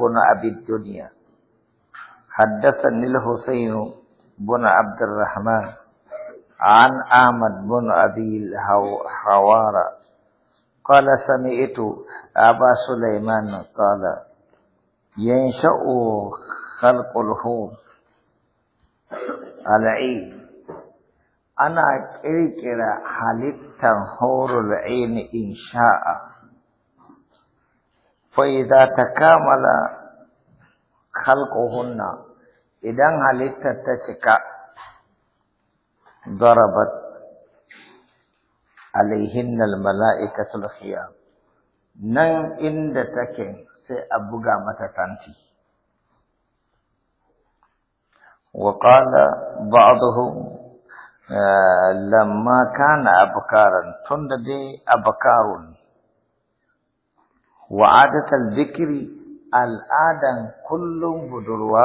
بن أبي الدنيا حدثني الحسين بن عبد الرحمن عن أحمد بن أبي الحوارى قال سمعت أبا سليمان قال ينشأ خلق الهوم العين أنا كريكرا حلقت حور العين إن شاء fa’iza ta kamala halƙohunna idan halittar ta cika zarabat alaihinnal mala’ika sulhiyya nan inda take sai a buga mata tanti. Waƙala ba لما كان tunda تندي أبكارني wa'adatal bikri al'adan kullum budurwa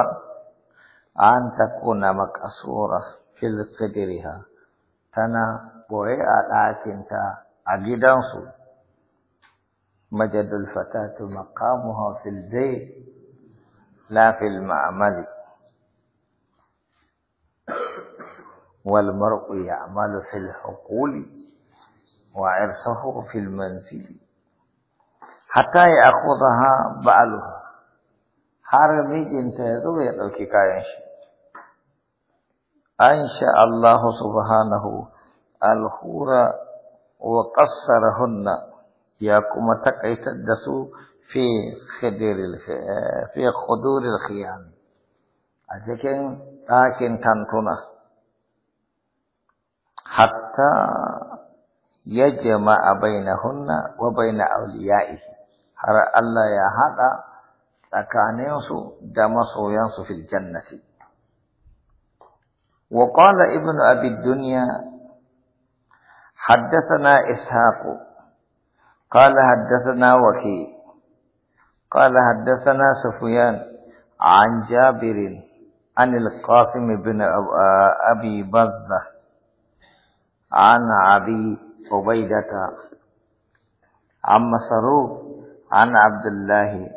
an takuna makasura fil qidriha tana boye a ɗakinta a gidansu majadul fatatu maqamuha fil bayt la fil ma'mali wal mar'u ya'malu fil huquli wa irsuhu fil manzili حتى يأخذها بعلها حرمي جنت هذا يدوكي كايش أن شاء الله سبحانه الخورة وقصرهن يا كم تقيت الدسو في خدير في خدور الخيان أذكين لكن تنتنا حتى يجمع بينهن وبين أوليائه har Allah ya haɗa tsakaninsu da masoyansu fil jannati. Wa qala ibn abi dunya haddathana ishaq qala haddathana waki qala haddathana sufyan an jabir an al-qasim ibn abi bazza an abi ubaidah عن مسروق عن عبد الله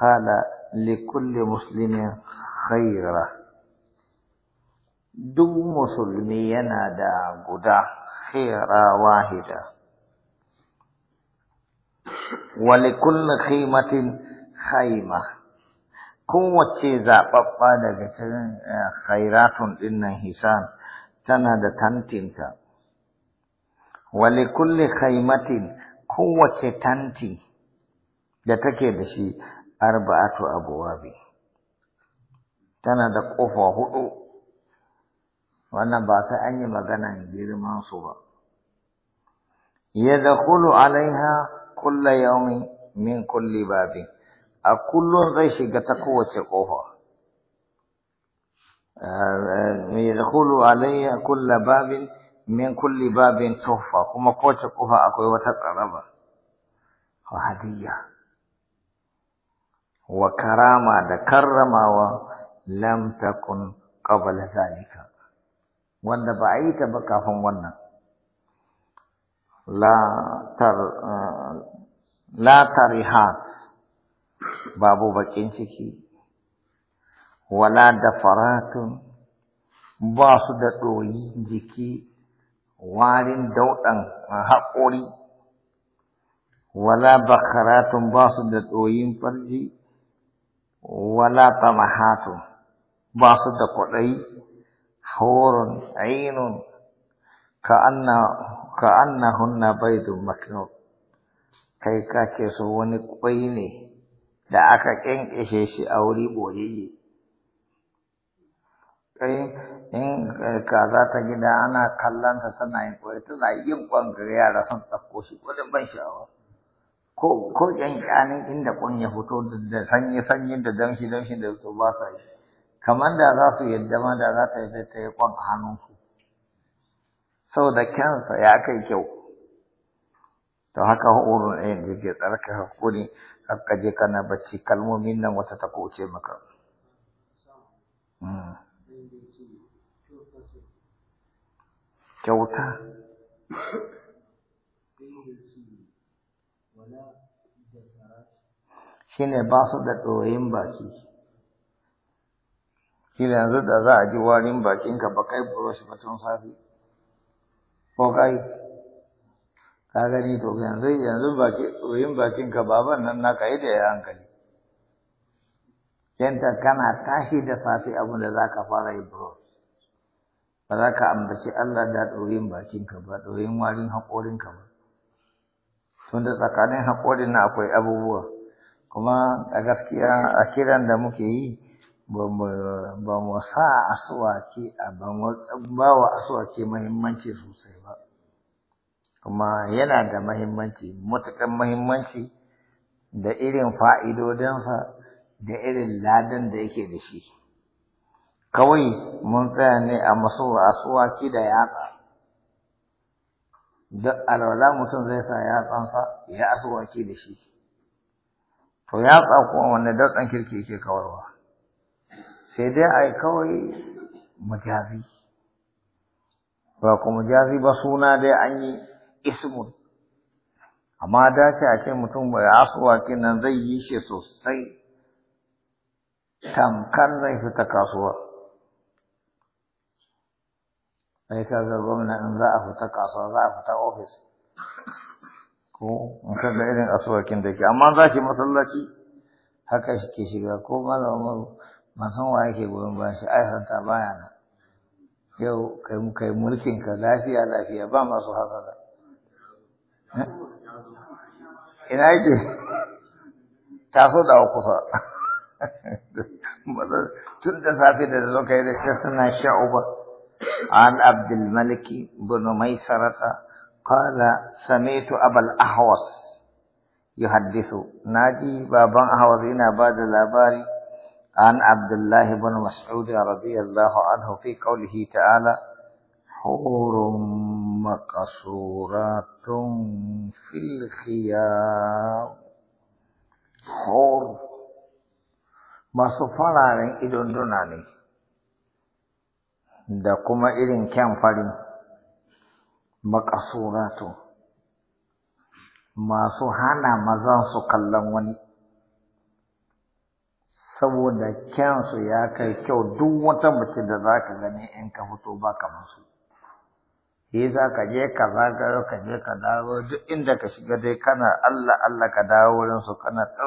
قال لكل مسلم duk musulmi yana da guda khira wahida wali kulli khimatin khaima kowace zababba daga cikin khairatun ɗinnan hisan tana da tantinta wali kulli khaimatin kowace tanti da take da shi arba'atu abwabi tana da ƙofa hudu wannan ba sai an yi maganan girman su ba yadkhulu alaiha kulla yawmi min kulli babin a kullum zai shiga ta kowace ƙofa eh, yadkhulu alaiha kulla babin min kulli babin tuffa kuma kowace ƙofa akwai wata tsaraba hadiyya wa karama da karramawa lam takun qabla zalika wanda ba a yi ta ba kafin wannan la tar eh, la tarihat babu bakin ciki wala faratun ba su da ɗoyi jiki warin dauɗan haƙori wala bakaratun ba su da ɗoyin farji wala tamahatu ba su da kwaɗayi horon ainun ka bai baidun makinu kai ka ce su wani kwai ne da aka ƙyanƙyashe shi a wuri boyayye kai in kaza ta gida ana kallonta tana yin kwai tana yin kwan yara sun ɗauko shi wani ban sha'awa ko ko kyankyanin inda kun ya fito da sanyi sanyi da damshi damshi da su ba sa yi kamar da za su yadda ma da za ta yi sai ta yi kwan ku, sau da kyansa ya kai kyau to haka horon ɗayan da ke tsarka hakuri haka je kana bacci kalmomin nan wata ta koce maka hmm. kyauta shine ba su da ɗoyin baki kila yanzu da za a ji warin bakinka ba kai burosh ba tun safi ko kai ka gani to yanzu yanzu baki ɗoyin bakinka baban nan naka yi da ya hankali yanta kana tashi da safi abin da za ka fara yi burosh ba za ka ambaci Allah da ɗoyin bakinka ba ɗoyin warin haƙorinka ba tunda tsakanin haƙorin na akwai abubuwa kuma a gaskiya a kiran da muke yi ba mu sa asuwaki a ba wa asuwaki mahimmanci sosai ba kuma yana da mahimmanci matuƙar mahimmanci da irin fa'idodinsa da irin ladan da yake da shi kawai mun tsaya ne a masu asuwaki da yatsa da alwala mutum zai sa ya tsansa, ya asuwaki da shi to yatsa kuma wanne dautsan kirki yake kawarwa sai dai ai kawai mujazi ba ku mujazi ba suna dai an yi ismun amma dace a ce mutum bai asuwaki nan zai yi shi sosai tamkar zai fita kasuwa sai ka ga gwamna in za a fita kasuwa za a fita ofis ko in ka ga irin asuwakin da ke amma za shi masallaci haka shi ke shiga ko malamar masan wa yake goyon bayan shi ai santa baya na. yau kai mulkin ka lafiya lafiya ba masu hasada eh? ina yake taso da kusa tun da safe da zo kai da suna sha'uba عن عبد الملك بن ميسرة قال سمعت أبا الأحوص يحدث ناجي بابا أحوصين بعد الأباري عن عبد الله بن مسعود رضي الله عنه في قوله تعالى حور مقصورات في الخيام حور ما عليه إذن عليه da kuma irin kyan fari maƙasuratu masu hana mazan su kallon wani saboda kyansu ya kai kyau duk wata mace da za ka gani in ka fito ba ka musu yi za ka je ka zagayo ka je ka dawo duk inda ka shiga dai kana Allah Allah ka dawo wurin su kana ta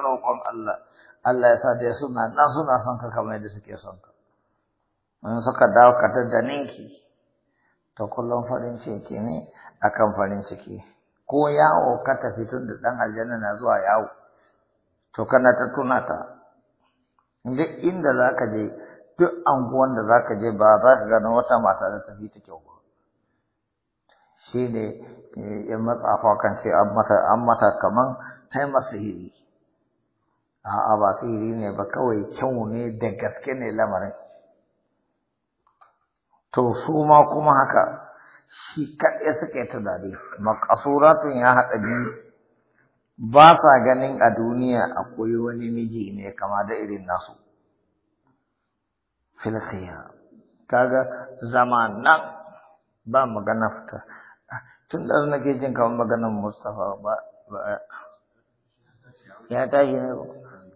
Allah Allah ya sa dai suna nan suna son ka kamar yadda suke son ka in suka dawo ka ninki. to kullum farin ciki ne akan farin ciki ko yawo ka tafi tun da ɗan aljanna na zuwa yawo to kana ta tuna ta duk inda za ka je duk anguwan da za ka je ba za ka gano wata mata da tafi ta kyau ba shi ne eh, matsa matsafa kan ce an mata kaman kai masu hiri a'a ba su hiri ne ba kawai kyau ne da gaske ne lamarin to su ma kuma haka shi kaɗai yi tunani makasuratun ya haɗa biyu ba sa ganin a duniya akwai wani miji ne kama da irin nasu filkhiya kaga zama nan ba magana fita tun da ke jin kamar maganar Mustapha ba ya tashi ne ba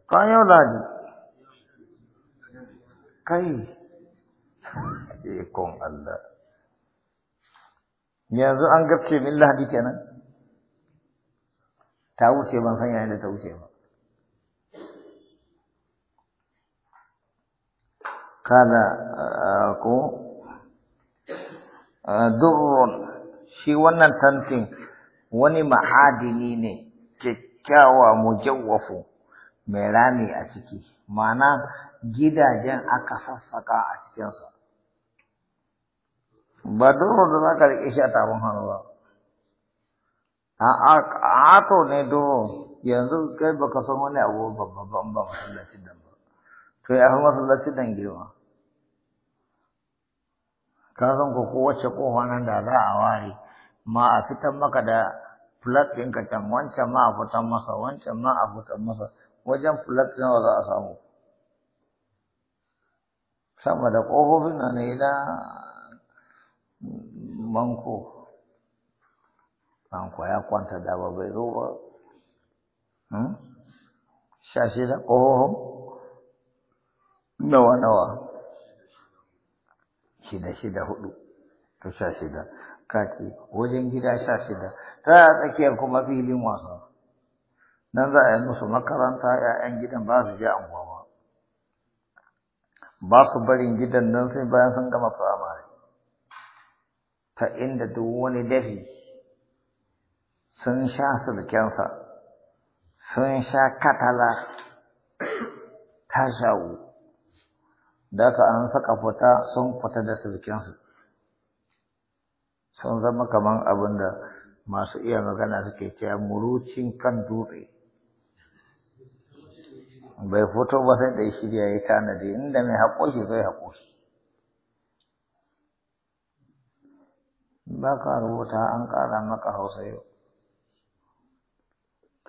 kan yau ladi kai ikon Allah yanzu an gabce min lahadi kenan ta wuce ban san yayin da ta wuce ba Kada ah, ko ah, durrun shi wannan tantin wani ma'adini ne kyakkyawa mu mujawwafu mai rami a ciki ma'ana gidajen aka sassaka a cikinsa ba doro da za ka riƙe shi a tafin hannu ba a ato ne doro yanzu kai baka san wani abu babban ba masallacin nan ba to ya fi masallacin nan girma ka san ko kowace kofa nan da za a ware ma a fitan maka da flat ɗinka can wancan ma a fitan masa wancan ma a fitan masa wajen flat nawa za a samu sama da ƙofofin nan ne na manko manko ya kwanta da ba bai shashi da hmm? sha shida ƙohon nawa nawa shida shida hudu to sha shida kaci wajen gida sha shida ta tsakiyar kuma filin wasa nan za a yi musu makaranta ‘ya'yan gidan ba su je anguwa ba ba su barin gidan nan sai bayan sun gama firamare ta inda duk wani dafi sun sha sulkensa sun sha katala ta shawo da an saka fita sun fita da sulkensu sun zama kaman abin da masu iya magana suke cewa murucin kan dutse bai fito ba sai da shirya ya tanadi inda mai haƙo zai haƙoshi. rubuta an maka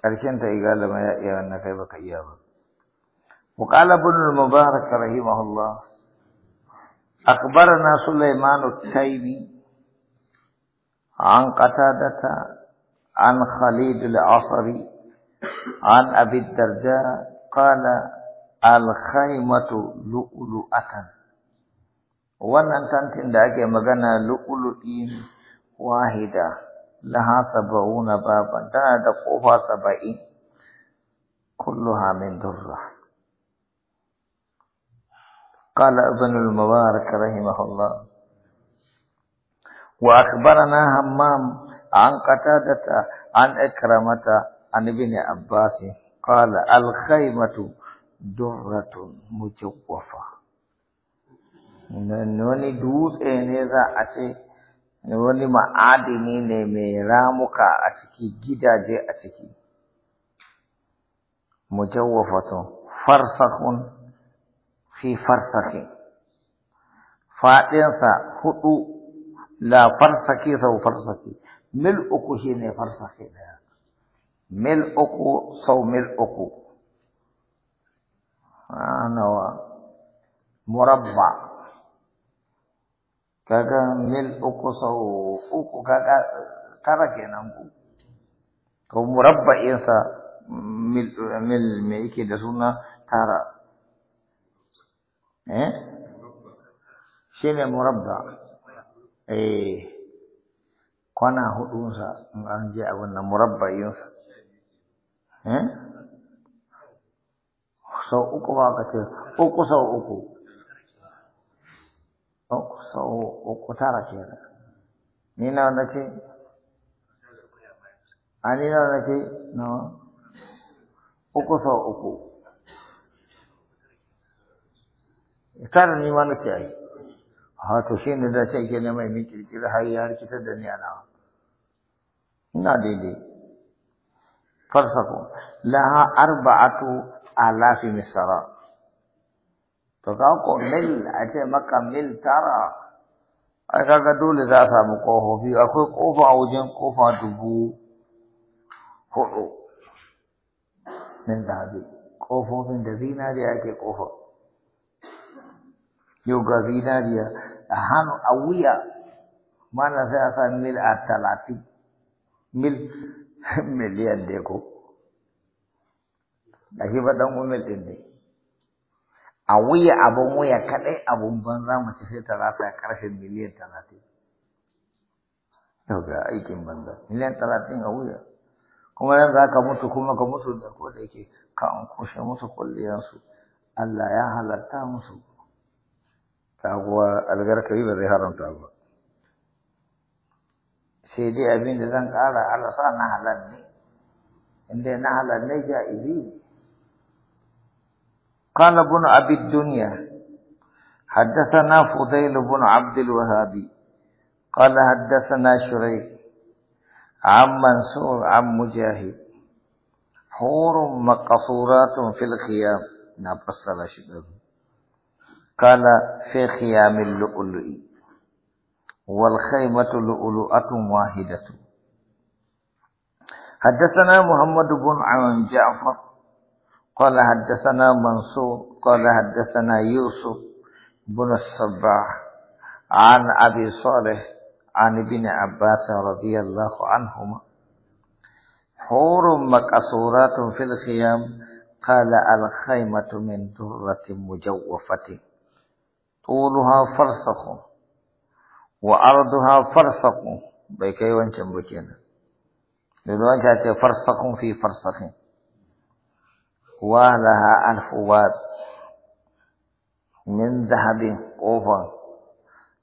ya iya wannan kai baka iya ba وقال ابن المبارك رحمه الله أخبرنا سليمان التيمي عن قتادة عن خليد العصري عن أبي الدرداء قال الخيمة لؤلؤة wannan tantin da ake magana lu'ulu'i wahida laha saba'una baban tana da kofa saba'in kulluha min durra قال ابن المبارك رحمه الله وأخبرنا همام عن قتادة عن إكرمة عن ابن عباس قال الخيمة درة مجوفة wani dutse ne za a ce wani ma'adini ne mai ramuka a ciki gidaje a ciki mujawwafatun farsakhun fi farsakhin faɗinsa huɗu la farsaki sau farsaki mil uku shi ne farsaki ɗaya mil uku sau mil uku ah, nawa murabba kaga mil uku sau uku kaga tara kenan ku ko sa mil mil me yake da suna tara eh shine murabba eh kwana sa in an je a wannan sa eh sau uku ba ka ce uku sau uku sau uku tara kenan ni nawa na ce a ni nawa na ce nawa uku sau uku tara ni ma na ce ai ha to shi ne da ce ke ne mai min kirkira har ya rikitar da ni a nawa ina daidai farsako laha arba'atu alafi misara. to ga ko mil a ce maka mil tara ai kaga dole za a samu ƙofofi akwai ƙofa a wajen ƙofa dubu hudu min zabi ƙofofin da zinariya ake ƙofa yau ga zinariya a hannu a wuya mana sai a sami mil a talatin mil miliyan ya ko a shi ba umar ɗin ne a wuya abun wuya kaɗai abun za mu tafi ta a ƙarfin miliyan talatin. Yau aikin banza, miliyan talatin a wuya. Kuma yanzu za ka mutu kuma ka mutu da ko da yake ka an kushe musu kulliyansu. Allah ya halatta musu. Ta kuwa algarkari ba zai haramta ba. Sai dai abin da zan ƙara sa na halar ne. Inda na halar ne ja'izi ne. قال ابن أبي الدنيا حدثنا فضيل بن عبد الوهابي قال حدثنا شريك عن منصور عن مجاهد حور مقصورات في الخيام نبصر نعم، شبه قال في خيام اللؤلؤ والخيمة لؤلؤة واحدة حدثنا محمد بن عن جعفر قال حدثنا منصور قال حدثنا يوسف بن الصباح عن أبي صالح عن ابن عباس رضي الله عنهما حور مكسورات في الخيام قال الخيمة من درة مجوفة طولها فرسخ وأرضها فرسخ بكي وانشن بكينا لذلك فرسخ في فرسخ ولها ألف باب من ذهب قوفا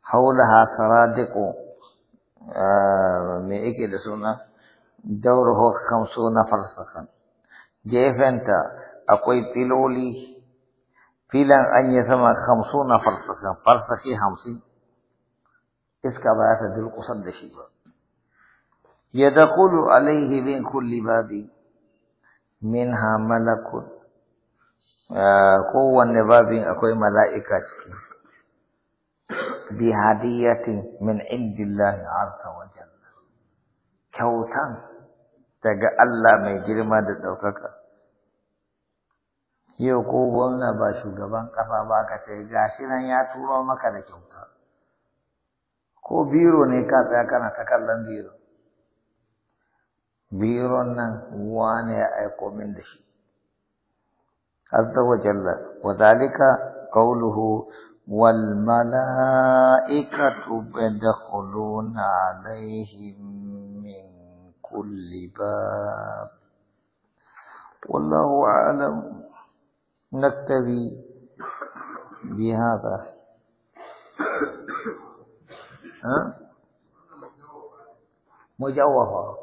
حولها سرادق آه، من إيكي لسونا دوره خمسون فرسخا انت أقوي تلولي فيلان أن يثم خمسون فرسخا فرسخي خمسي إسكا بعثة دلقو صد شيبا يدقول عليه من كل بابي minha malakun ah, kowanne babin akwai mala'ika ciki bi hadiyatin min indillah azza wa janna kyautan daga Allah mai girma da ɗaukaka yau ko gwamna ba shugaban ƙasa ba ka ce gashi nan ya turo maka da kyauta ko biro ne ka tsaya kana ta kallon biro ويرون وانا ايكو من دشي عز وجل وذلك قوله والملائكة يدخلون عليهم من كل باب والله أعلم نكتفي بهذا مجوهر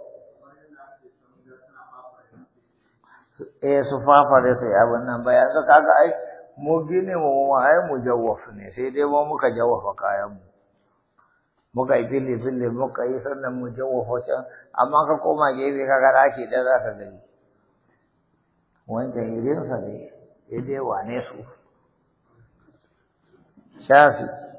eh su fafare sai abin nan ba yanzu kaga ai mu gine mu mu ai mu jawaf ne sai dai mu muka jawwafa kayan mu muka yi fili fili muka yi sannan mu jawafa can amma ka koma gefe kaga daki da za ka gani wancan irinsa ne sai dai wane su shafi